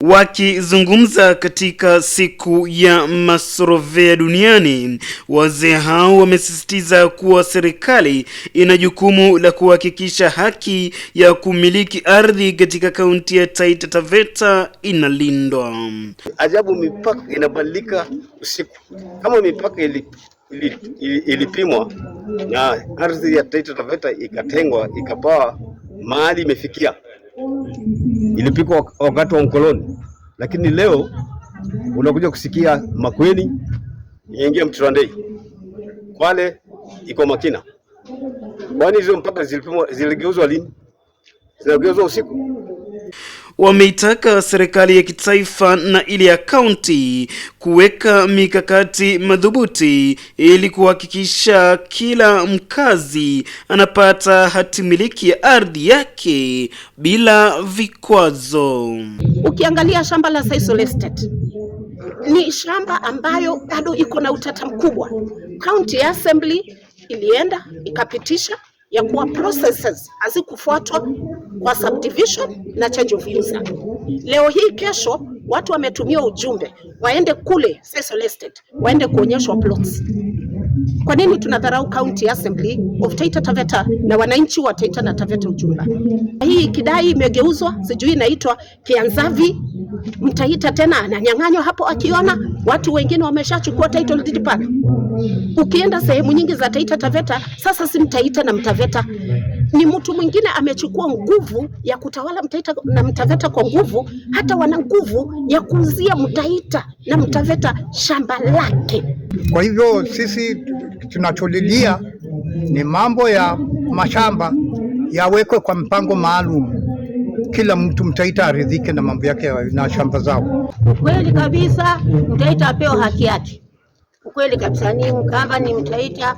Wakizungumza katika siku ya masorovea duniani, wazee hao wamesisitiza kuwa serikali ina jukumu la kuhakikisha haki ya kumiliki ardhi katika kaunti ya Taita Taveta inalindwa. Ajabu, mipaka inabadilika usiku. Kama mipaka ilipimwa na ardhi ya Taita Taveta ikatengwa, ikapawa mahali imefikia ilipikwa wakati wa ukoloni, lakini leo unakuja kusikia makweni ingia Mturandei, Kwale iko Makina. Kwani hizo mpaka ziligeuzwa lini? Zinageuzwa usiku. Wameitaka serikali ya kitaifa na ile ya kaunti kuweka mikakati madhubuti ili kuhakikisha kila mkazi anapata hati miliki ya ardhi yake bila vikwazo. Ukiangalia shamba la Sisal Estate ni shamba ambayo bado iko na utata mkubwa. County Assembly ilienda ikapitisha ya kuwa processes hazikufuatwa kwa subdivision na change of user. Leo hii kesho watu wametumia ujumbe waende kule Cecil Estate, waende kuonyeshwa plots. Kwa nini tunadharau County Assembly of Taita Taveta na wananchi wa Taita na Taveta ujumla? Hii kidai imegeuzwa sijui inaitwa Kianzavi, mtaita tena ananyang'anywa hapo, akiona watu wengine wameshachukua title deed pale. Ukienda sehemu nyingi za Taita Taveta sasa si mtaita na mtaveta ni mtu mwingine amechukua nguvu ya kutawala Mtaita na Mtaveta kwa nguvu, hata wana nguvu ya kuuzia Mtaita na Mtaveta shamba lake. Kwa hivyo sisi tunacholilia ni mambo ya mashamba yawekwe kwa mpango maalum, kila mtu Mtaita aridhike na mambo yake na shamba zao. Kweli kabisa, Mtaita apewe haki yake. Ukweli kabisa, ni Mkamba ni Mtaita.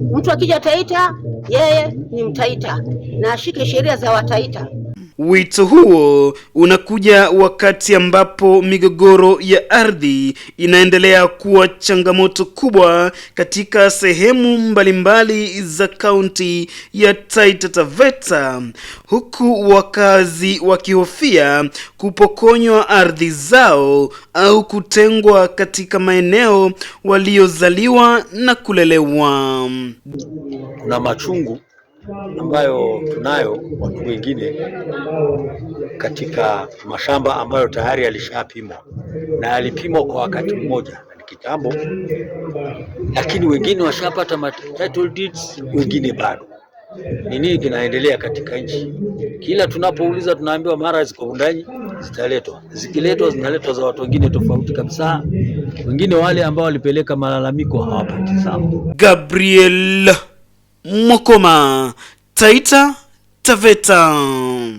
Mtu akija Taita, yeye ni Mtaita na ashike sheria za Wataita. Wito huo unakuja wakati ambapo migogoro ya ardhi inaendelea kuwa changamoto kubwa katika sehemu mbalimbali za kaunti ya Taita Taveta, huku wakazi wakihofia kupokonywa ardhi zao au kutengwa katika maeneo waliozaliwa na kulelewa. Na machungu ambayo tunayo watu wengine katika mashamba ambayo tayari yalishapimwa na yalipimwa kwa wakati mmoja kitambo, lakini wengine washapata title deeds, wengine bado. Ni nini kinaendelea katika nchi? Kila tunapouliza tunaambiwa mara ziko ndani zitaletwa, zikiletwa zinaletwa za watu wengine tofauti kabisa. Wengine wale ambao walipeleka malalamiko hawapati sababu. Gabriel Mokoma, Taita Taveta.